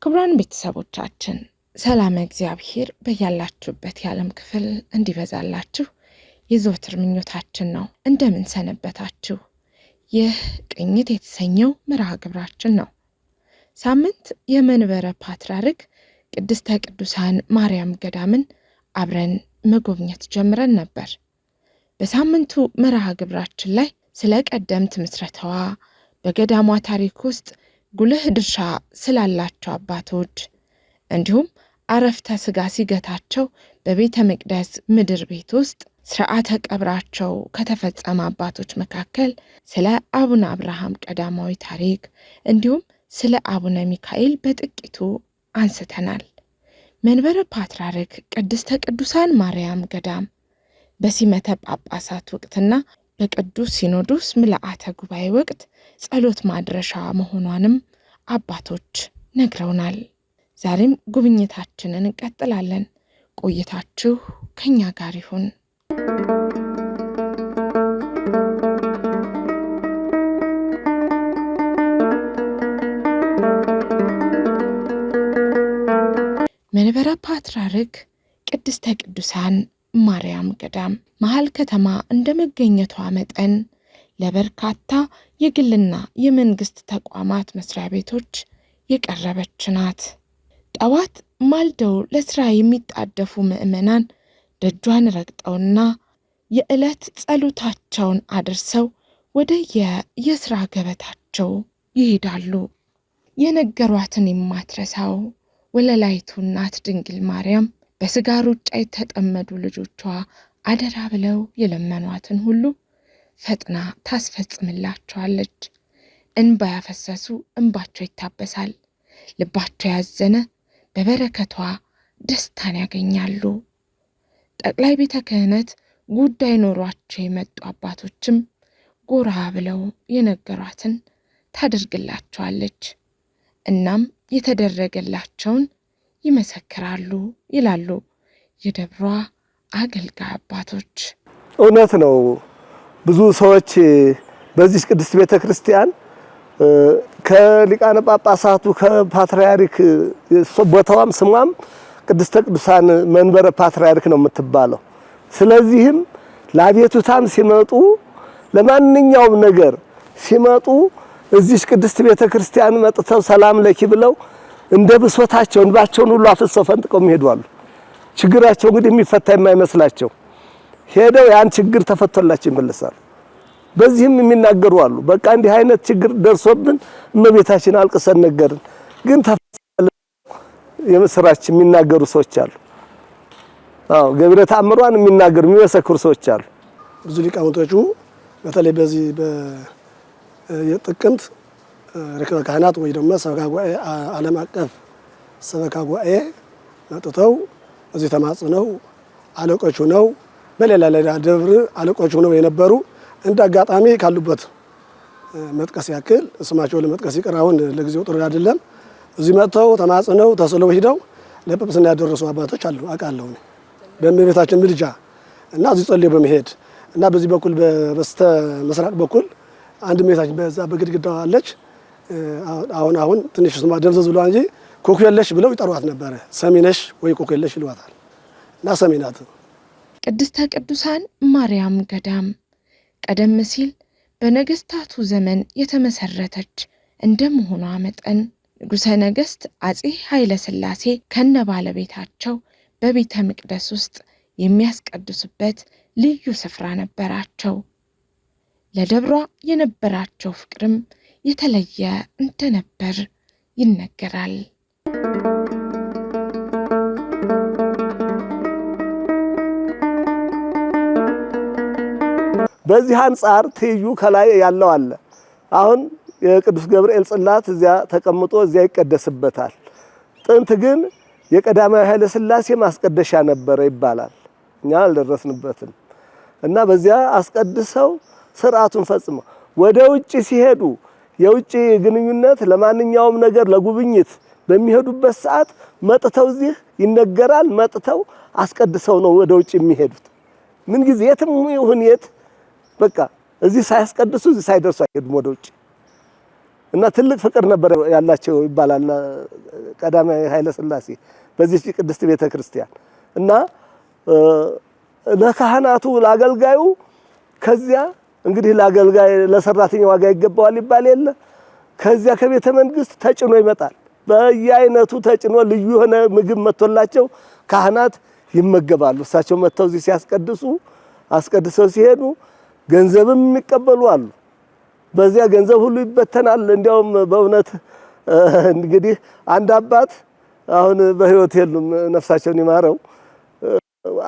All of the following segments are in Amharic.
ክቡራን ቤተሰቦቻችን ሰላም እግዚአብሔር በያላችሁበት የዓለም ክፍል እንዲበዛላችሁ የዘወትር ምኞታችን ነው። እንደምን ሰነበታችሁ? ይህ ቅኝት የተሰኘው መርሃ ግብራችን ነው። ሳምንት የመንበረ ፓትርያርክ ቅድስተ ቅዱሳን ማርያም ገዳምን አብረን መጎብኘት ጀምረን ነበር። በሳምንቱ መርሃ ግብራችን ላይ ስለ ቀደምት ምስረተዋ በገዳሟ ታሪክ ውስጥ ጉልህ ድርሻ ስላላቸው አባቶች እንዲሁም አረፍተ ስጋ ሲገታቸው በቤተ መቅደስ ምድር ቤት ውስጥ ስርዓተ ቀብራቸው ከተፈጸመ አባቶች መካከል ስለ አቡነ አብርሃም ቀዳማዊ ታሪክ እንዲሁም ስለ አቡነ ሚካኤል በጥቂቱ አንስተናል። መንበረ ፓትርያርክ ቅድስተ ቅዱሳን ማርያም ገዳም በሲመተ ጳጳሳት ወቅትና በቅዱስ ሲኖዶስ ምልአተ ጉባኤ ወቅት ጸሎት ማድረሻ መሆኗንም አባቶች ነግረውናል። ዛሬም ጉብኝታችንን እንቀጥላለን። ቆይታችሁ ከኛ ጋር ይሁን። መንበረ ፓትርያርክ ቅድስተ ቅዱሳን ማርያም ገዳም መሀል ከተማ እንደ መገኘቷ መጠን ለበርካታ የግልና የመንግስት ተቋማት መስሪያ ቤቶች የቀረበች ናት። ጠዋት ማልደው ለስራ የሚጣደፉ ምዕመናን ደጇን ረግጠውና የዕለት ጸሎታቸውን አድርሰው ወደ የስራ ገበታቸው ይሄዳሉ። የነገሯትን የማትረሳው ወለላይቱ እናት ድንግል ማርያም በስጋ ሩጫ የተጠመዱ ልጆቿ አደራ ብለው የለመኗትን ሁሉ ፈጥና ታስፈጽምላቸዋለች። እንባ ያፈሰሱ እንባቸው ይታበሳል። ልባቸው ያዘነ በበረከቷ ደስታን ያገኛሉ። ጠቅላይ ቤተ ክህነት ጉዳይ ኖሯቸው የመጡ አባቶችም ጎራ ብለው የነገሯትን ታደርግላቸዋለች። እናም የተደረገላቸውን ይመሰክራሉ ይላሉ የደብሯ አገልጋይ አባቶች። እውነት ነው። ብዙ ሰዎች በዚህ ቅድስት ቤተ ክርስቲያን ከሊቃነ ጳጳሳቱ ከፓትርያርክ ቦታዋም ስሟም ቅድስተ ቅዱሳን መንበረ ፓትርያርክ ነው የምትባለው። ስለዚህም ለአቤቱታም ሲመጡ ለማንኛውም ነገር ሲመጡ እዚሽ ቅድስት ቤተ ክርስቲያን መጥተው ሰላም ለኪ ብለው እንደ ብሶታቸው እንባቸውን ሁሉ አፍሰው ፈንጥቀው የሚሄዱ ችግራቸው እንግዲህ የሚፈታ የማይመስላቸው ሄደው ያን ችግር ተፈቶላቸው ይመለሳሉ። በዚህም የሚናገሩ አሉ። በቃ እንዲህ አይነት ችግር ደርሶብን እመቤታችን አልቅሰን ነገርን፣ ግን ተፈጸመ የምስራች የሚናገሩ ሰዎች አሉ። አዎ ገብረ ተአምሯን የሚናገሩ የሚመሰክሩ ሰዎች አሉ። ብዙ ሊቃውንቶቹ በተለይ በዚህ የጥቅምት ርክበ ካህናት ወይ ደግሞ ሰበካ ጉባኤ ዓለም አቀፍ ሰበካ ጉባኤ መጥተው እዚህ ተማጽነው አለቆች ሁነው በሌላ ሌላ ደብር አለቆች ሁነው የነበሩ እንደ አጋጣሚ ካሉበት መጥቀስ ያክል ስማቸው ለመጥቀስ ይቅር፣ አሁን ለጊዜው ጥሩ አይደለም። እዚህ መጥተው ተማጽነው ተስለው ሂደው ለጵጵስና ያደረሱ አባቶች አሉ አውቃለሁ። በእመቤታችን ምልጃ እና እዚህ ጸልዮ በመሄድ እና በዚህ በኩል በስተ ምስራቅ በኩል አንድ መኝታችን በዛ በግድግዳ አለች። አሁን አሁን ትንሽ ስማ ደብዘዝ ብሏ እንጂ ኮኩ የለሽ ብለው ይጠሯት ነበረ። ሰሚነሽ ወይ ኮኩ የለሽ ይሏታል። እና ሰሚናት ቅድስተ ቅዱሳን ማርያም ገዳም ቀደም ሲል በነገስታቱ ዘመን የተመሰረተች እንደመሆኗ መጠን ንጉሠ ነገሥት አጼ ኃይለ ሥላሴ ከነ ባለቤታቸው በቤተ መቅደስ ውስጥ የሚያስቀድሱበት ልዩ ስፍራ ነበራቸው። ለደብሯ የነበራቸው ፍቅርም የተለየ እንደነበር ይነገራል። በዚህ አንጻር ትይዩ ከላይ ያለው አለ። አሁን የቅዱስ ገብርኤል ጽላት እዚያ ተቀምጦ እዚያ ይቀደስበታል። ጥንት ግን የቀዳማዊ ኃይለ ሥላሴ ማስቀደሻ ነበረ ይባላል። እኛ አልደረስንበትም እና በዚያ አስቀድሰው ስርዓቱን ፈጽመው ወደ ውጭ ሲሄዱ የውጭ ግንኙነት ለማንኛውም ነገር ለጉብኝት በሚሄዱበት ሰዓት መጥተው እዚህ ይነገራል። መጥተው አስቀድሰው ነው ወደ ውጭ የሚሄዱት። ምን ጊዜ የትም ይሁን የት በቃ እዚህ ሳያስቀድሱ እዚህ ሳይደርሱ አይሄዱም ወደ ውጭ እና ትልቅ ፍቅር ነበር ያላቸው ይባላል ቀዳማዊ ኃይለ ሥላሴ በዚህ ቅድስት ቤተ ክርስቲያን እና ለካህናቱ ለአገልጋዩ ከዚያ እንግዲህ ለአገልጋይ ለሰራተኛ ዋጋ ይገባዋል ይባል የለ። ከዚያ ከቤተ መንግስት ተጭኖ ይመጣል። በየአይነቱ ተጭኖ ልዩ የሆነ ምግብ መጥቶላቸው ካህናት ይመገባሉ። እሳቸው መጥተው እዚህ ሲያስቀድሱ አስቀድሰው ሲሄዱ ገንዘብም የሚቀበሉ አሉ። በዚያ ገንዘብ ሁሉ ይበተናል። እንዲያውም በእውነት እንግዲህ አንድ አባት አሁን በህይወት የሉም፣ ነፍሳቸውን ይማረው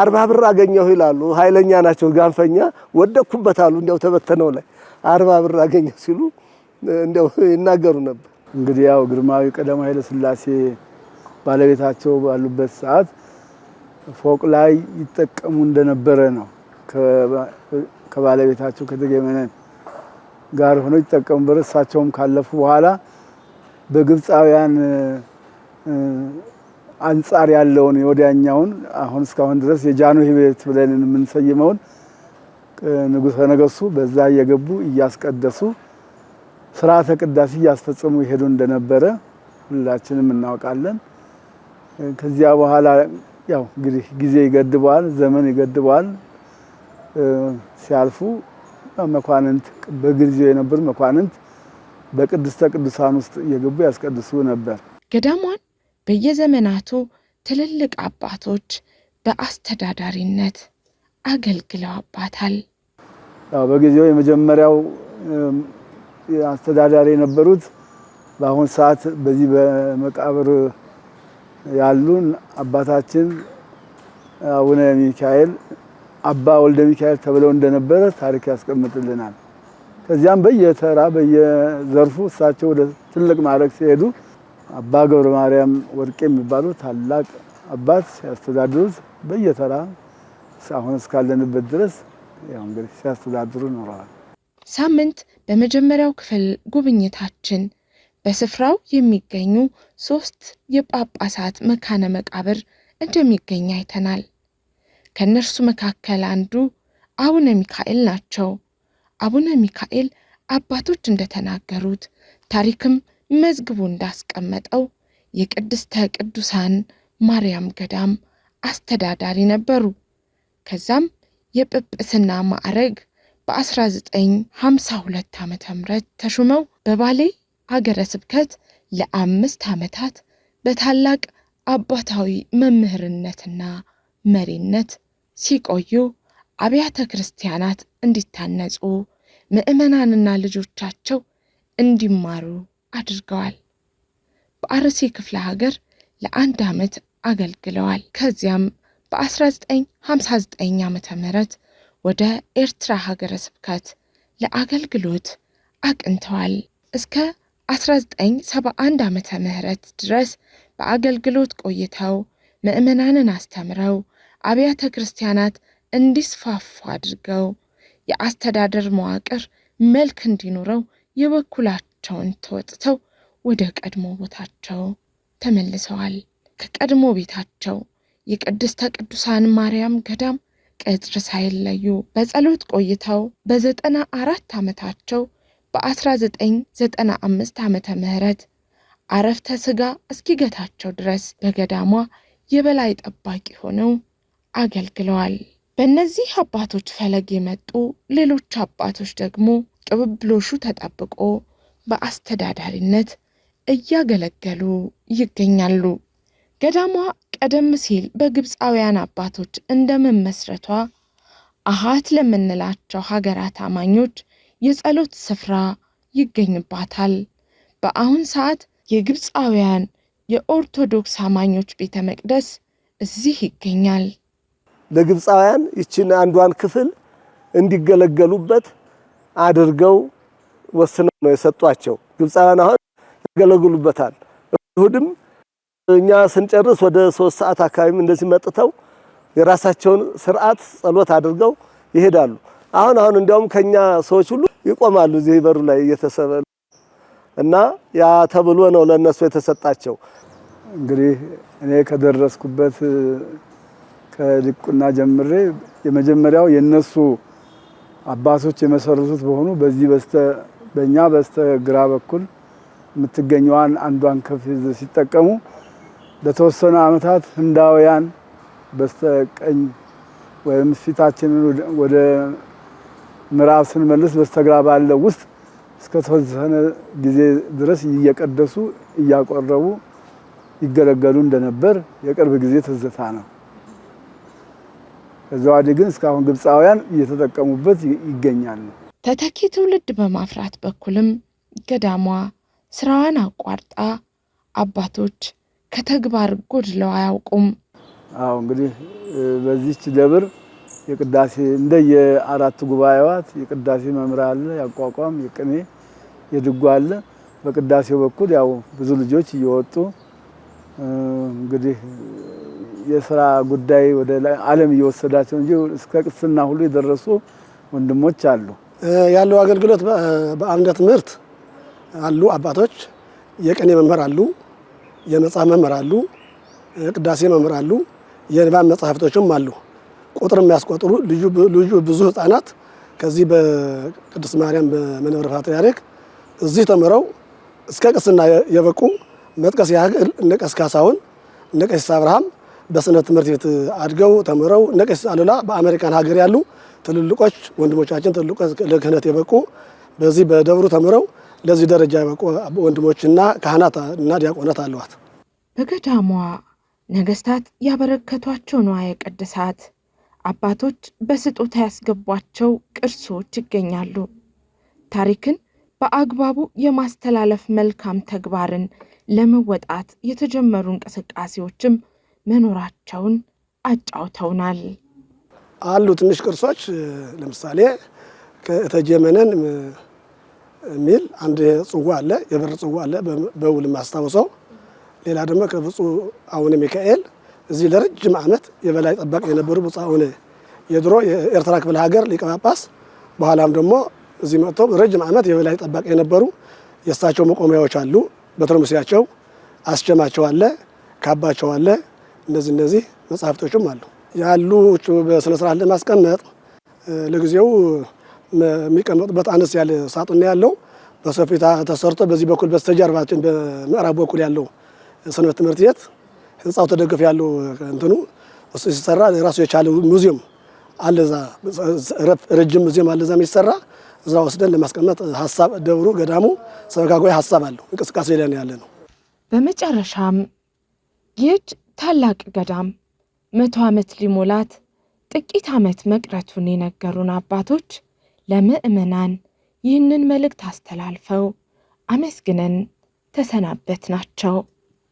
አርባ ብር አገኘሁ ይላሉ። ኃይለኛ ናቸው ጋንፈኛ ወደኩበት አሉ። እንዲያው ተበተነው ላይ አርባ ብር አገኘሁ ሲሉ እንዲያው ይናገሩ ነበር። እንግዲህ ያው ግርማዊ ቀዳማዊ ኃይለ ሥላሴ ባለቤታቸው ባሉበት ሰዓት ፎቅ ላይ ይጠቀሙ እንደነበረ ነው። ከባለቤታቸው ከተገመነን ጋር ሆነው ይጠቀሙበት። እሳቸውም ካለፉ በኋላ በግብፃውያን አንጻር ያለውን የወዲያኛውን አሁን እስካሁን ድረስ የጃንሆይ ቤት ብለን የምንሰይመውን ንጉሠ ነገሥቱ በዛ እየገቡ እያስቀደሱ ስርዓተ ቅዳሴ እያስፈጸሙ ይሄዱ እንደነበረ ሁላችንም እናውቃለን። ከዚያ በኋላ ያው እንግዲህ ጊዜ ይገድበዋል፣ ዘመን ይገድበዋል። ሲያልፉ መኳንንት በጊዜው የነበሩ መኳንንት በቅድስተ ቅዱሳን ውስጥ እየገቡ ያስቀድሱ ነበር። ገዳሟን በየዘመናቱ ትልልቅ አባቶች በአስተዳዳሪነት አገልግለው አባታል። በጊዜው የመጀመሪያው አስተዳዳሪ የነበሩት በአሁን ሰዓት በዚህ በመቃብር ያሉን አባታችን አቡነ ሚካኤል አባ ወልደ ሚካኤል ተብለው እንደነበረ ታሪክ ያስቀምጥልናል። ከዚያም በየተራ በየዘርፉ እሳቸው ወደ ትልቅ ማዕረግ ሲሄዱ አባ ገብረ ማርያም ወርቄ የሚባሉ ታላቅ አባት ሲያስተዳድሩት በየተራ አሁን እስካለንበት ድረስ ያው እንግዲህ ሲያስተዳድሩ ኖረዋል። ሳምንት በመጀመሪያው ክፍል ጉብኝታችን በስፍራው የሚገኙ ሶስት የጳጳሳት መካነ መቃብር እንደሚገኝ አይተናል። ከእነርሱ መካከል አንዱ አቡነ ሚካኤል ናቸው። አቡነ ሚካኤል አባቶች እንደተናገሩት ታሪክም መዝግቡ እንዳስቀመጠው የቅድስተ ቅዱሳን ማርያም ገዳም አስተዳዳሪ ነበሩ። ከዛም የጵጵስና ማዕረግ በ1952 ዓ ም ተሹመው በባሌ አገረ ስብከት ለአምስት ዓመታት በታላቅ አባታዊ መምህርነትና መሪነት ሲቆዩ አብያተ ክርስቲያናት እንዲታነጹ ምዕመናንና ልጆቻቸው እንዲማሩ አድርገዋል። በአርሲ ክፍለ ሀገር ለአንድ ዓመት አገልግለዋል። ከዚያም በ1959 ዓ ም ወደ ኤርትራ ሀገረ ስብከት ለአገልግሎት አቅንተዋል። እስከ 1971 ዓ ም ድረስ በአገልግሎት ቆይተው ምዕመናንን አስተምረው አብያተ ክርስቲያናት እንዲስፋፉ አድርገው የአስተዳደር መዋቅር መልክ እንዲኖረው የበኩላቸው ቤታቸውን ተወጥተው ወደ ቀድሞ ቦታቸው ተመልሰዋል። ከቀድሞ ቤታቸው የቅድስተ ቅዱሳን ማርያም ገዳም ቅጥር ሳይለዩ በጸሎት ቆይተው በዘጠና አራት ዓመታቸው በ1995 ዓመተ ምህረት አረፍተ ሥጋ እስኪገታቸው ድረስ በገዳሟ የበላይ ጠባቂ ሆነው አገልግለዋል። በእነዚህ አባቶች ፈለግ የመጡ ሌሎች አባቶች ደግሞ ቅብብሎሹ ተጠብቆ በአስተዳዳሪነት እያገለገሉ ይገኛሉ። ገዳሟ ቀደም ሲል በግብፃውያን አባቶች እንደ መመስረቷ አሃት ለምንላቸው ሀገራት አማኞች የጸሎት ስፍራ ይገኝባታል። በአሁን ሰዓት የግብፃውያን የኦርቶዶክስ አማኞች ቤተ መቅደስ እዚህ ይገኛል። ለግብፃውያን ይችን አንዷን ክፍል እንዲገለገሉበት አድርገው ወስነው ነው የሰጧቸው። ግብፃውያን አሁን ያገለግሉበታል። እሁድም እኛ ስንጨርስ ወደ ሶስት ሰዓት አካባቢም እንደዚህ መጥተው የራሳቸውን ስርዓት ጸሎት አድርገው ይሄዳሉ። አሁን አሁን እንዲያውም ከኛ ሰዎች ሁሉ ይቆማሉ እዚህ በሩ ላይ እየተሰበሉ እና ያ ተብሎ ነው ለእነሱ የተሰጣቸው። እንግዲህ እኔ ከደረስኩበት ከድቁና ጀምሬ የመጀመሪያው የነሱ አባቶች የመሰረቱት በሆኑ በዚህ በስተ በእኛ በስተግራ በኩል የምትገኘዋን አንዷን ክፍል ሲጠቀሙ ለተወሰኑ ዓመታት ህንዳውያን በስተቀኝ ወይም ፊታችንን ወደ ምዕራብ ስንመልስ በስተግራ ባለው ውስጥ እስከተወሰነ ጊዜ ድረስ እየቀደሱ እያቆረቡ ይገለገሉ እንደነበር የቅርብ ጊዜ ትዝታ ነው። ከዛ ወዲህ ግን እስካሁን ግብፃውያን እየተጠቀሙበት ይገኛሉ። ተተኪ ትውልድ በማፍራት በኩልም ገዳሟ ስራዋን አቋርጣ አባቶች ከተግባር ጎድለው አያውቁም። አዎ እንግዲህ በዚች ደብር የቅዳሴ እንደየ አራት ጉባኤዋት የቅዳሴ መምሪያ አለ፣ ያቋቋም፣ የቅኔ፣ የድጓ አለ። በቅዳሴው በኩል ያው ብዙ ልጆች እየወጡ እንግዲህ የስራ ጉዳይ ወደ ዓለም እየወሰዳቸው እንጂ እስከ ቅስና ሁሉ የደረሱ ወንድሞች አሉ። ያለው አገልግሎት በአብነት ትምህርት አሉ አባቶች፣ የቅኔ መምህር አሉ፣ የመጽሐፍ መምህር አሉ፣ ቅዳሴ መምህር አሉ፣ የንባብ መጽሐፍቶችም አሉ። ቁጥር የሚያስቆጥሩ ልዩ ብዙ ህፃናት ከዚህ በቅድስት ማርያም በመንበረ ፓትርያርክ እዚህ ተምረው እስከ ቅስና የበቁ መጥቀስ ያህል እነ ቄስ ካሳሁን እነ ቄስ አብርሃም በስነ ትምህርት ቤት አድገው ተምረው እነ ቄስ አሉላ በአሜሪካን ሀገር ያሉ ትልልቆች ወንድሞቻችን ትልልቆ ለክህነት የበቁ በዚህ በደብሩ ተምረው ለዚህ ደረጃ የበቁ ወንድሞችና ካህናት እና ዲያቆናት አለዋት። በገዳሟ ነገስታት ያበረከቷቸው ንዋየ ቅድሳት፣ አባቶች በስጦታ ያስገቧቸው ቅርሶች ይገኛሉ። ታሪክን በአግባቡ የማስተላለፍ መልካም ተግባርን ለመወጣት የተጀመሩ እንቅስቃሴዎችም መኖራቸውን አጫውተውናል። አሉ ትንሽ ቅርሶች ለምሳሌ ከእቴጌ መነን የሚል አንድ ጽዋ አለ፣ የብር ጽዋ አለ በውል ማስታውሰው። ሌላ ደግሞ ከብፁዕ አቡነ ሚካኤል እዚህ ለረጅም ዓመት የበላይ ጠባቂ የነበሩ ብፁዕ አቡነ የድሮ የኤርትራ ክፍለ ሀገር ሊቀ ጳጳስ በኋላም ደግሞ እዚህ መጥተው ረጅም ዓመት የበላይ ጠባቂ የነበሩ የእሳቸው መቆሚያዎች አሉ። በትርሙሳቸው አስጀማቸው አለ፣ ካባቸው አለ። እነዚህ እነዚህ መጽሐፍቶችም አሉ። ያሉ በስነ ስርዓት ለማስቀመጥ ለጊዜው የሚቀመጡበት አነስ ያለ ሳጥን ያለው በሰፊታ ተሰርቶ በዚህ በኩል በስተጀርባችን በምዕራብ በኩል ያለው ሰንበት ትምህርት ቤት ህንፃው ተደግፍ ያለው እንትኑ እሱ ሲሰራ ራሱ የቻለ ሙዚየም አለዛ ረጅም ሙዚየም አለዛ የሚሰራ እዛ ወስደን ለማስቀመጥ ሀሳብ ደብሩ ገዳሙ ሰበካጎይ ሀሳብ አለው እንቅስቃሴ ላይ ያለ ነው። በመጨረሻም ይህች ታላቅ ገዳም መቶ ዓመት ሊሞላት ጥቂት ዓመት መቅረቱን የነገሩን አባቶች ለምዕመናን ይህንን መልእክት አስተላልፈው አመስግነን ተሰናበት ናቸው።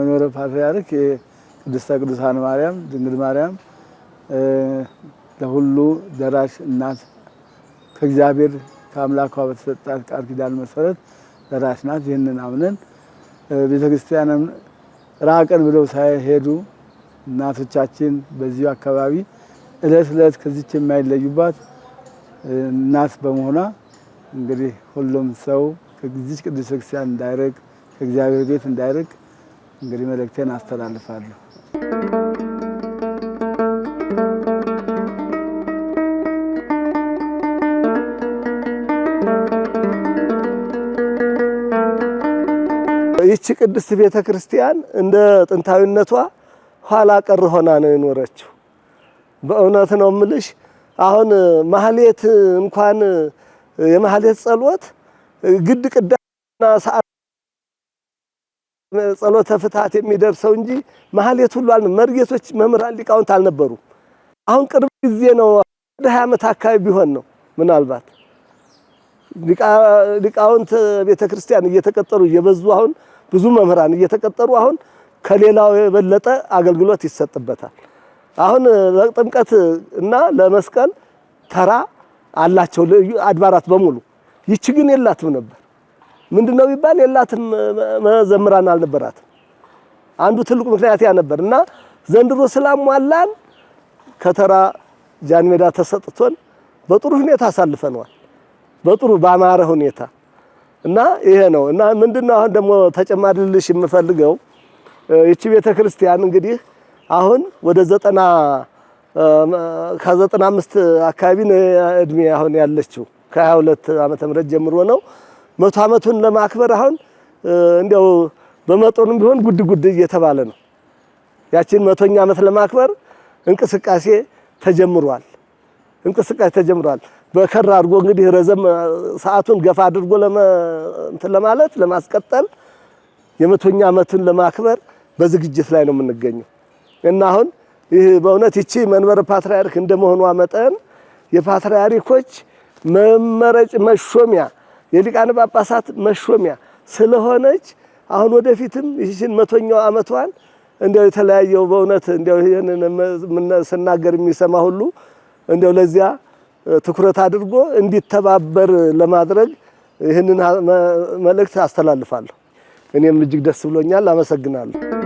መንበረ ፓትርያርክ የቅድስተ ቅዱሳን ማርያም ድንግል ማርያም ለሁሉ ደራሽ እናት ከእግዚአብሔር ከአምላኳ በተሰጣት ቃል ኪዳን መሰረት ደራሽ ናት። ይህንን አምነን ቤተክርስቲያንም ራቅን ብለው ሳይሄዱ እናቶቻችን በዚሁ አካባቢ እለት እለት ከዚች የማይለዩባት እናት በመሆኗ እንግዲህ ሁሉም ሰው ከዚች ቅዱስ ክርስቲያን እንዳይርቅ ከእግዚአብሔር ቤት እንዳይርቅ እንግዲህ መልእክቴን አስተላልፋለሁ። ይቺ ቅድስት ቤተ ክርስቲያን እንደ ጥንታዊነቷ ኋላ ቀር ሆና ነው የኖረችው። በእውነት ነው ምልሽ። አሁን ማህሌት እንኳን የማህሌት ጸሎት ግድ ቅዳና ሰዓት ጸሎተ ፍትሐት የሚደርሰው እንጂ ማህሌት ሁሉ አልነ መርጌቶች መምህራን ሊቃውንት አልነበሩም። አሁን ቅርብ ጊዜ ነው ወደ 20 ዓመት አካባቢ ቢሆን ነው ምናልባት ሊቃውንት ቤተክርስቲያን እየተቀጠሩ እየበዙ አሁን ብዙ መምህራን እየተቀጠሩ አሁን ከሌላው የበለጠ አገልግሎት ይሰጥበታል። አሁን ለጥምቀት እና ለመስቀል ተራ አላቸው አድባራት በሙሉ። ይቺ ግን የላትም ነበር። ምንድነው ቢባል የላትም፣ መዘምራን አልነበራትም። አንዱ ትልቁ ምክንያት ያ ነበር እና ዘንድሮ ስላሟላን ከተራ ጃን ሜዳ ተሰጥቶን በጥሩ ሁኔታ አሳልፈነዋል። በጥሩ ባማረ ሁኔታ እና ይሄ ነው እና ምንድነው አሁን ደግሞ ተጨማሪ ልልሽ የምፈልገው ይቺ ቤተ ክርስቲያን እንግዲህ አሁን ወደ ዘጠና ከዘጠና አምስት አካባቢ እድሜ አሁን ያለችው ከሀያ ሁለት ዓመተ ምህረት ጀምሮ ነው። መቶ ዓመቱን ለማክበር አሁን እንዲያው በመጠኑም ቢሆን ጉድ ጉድ እየተባለ ነው። ያችን መቶኛ ዓመት ለማክበር እንቅስቃሴ ተጀምሯል። እንቅስቃሴ ተጀምሯል። በከር አድርጎ እንግዲህ ረዘም ሰዓቱን ገፋ አድርጎ ለማለት ለማስቀጠል የመቶኛ ዓመቱን ለማክበር በዝግጅት ላይ ነው የምንገኘው እና አሁን ይህ በእውነት ይቺ መንበረ ፓትርያርክ እንደመሆኗ መጠን የፓትርያርኮች መመረጭ መሾሚያ የሊቃነ ጳጳሳት መሾሚያ ስለሆነች አሁን ወደፊትም ይህችን መቶኛው ዓመቷን እንዲያው የተለያየው በእውነት እንዲያው ስናገር የሚሰማ ሁሉ እንዲያው ለዚያ ትኩረት አድርጎ እንዲተባበር ለማድረግ ይህንን መልእክት አስተላልፋለሁ። እኔም እጅግ ደስ ብሎኛል። አመሰግናለሁ።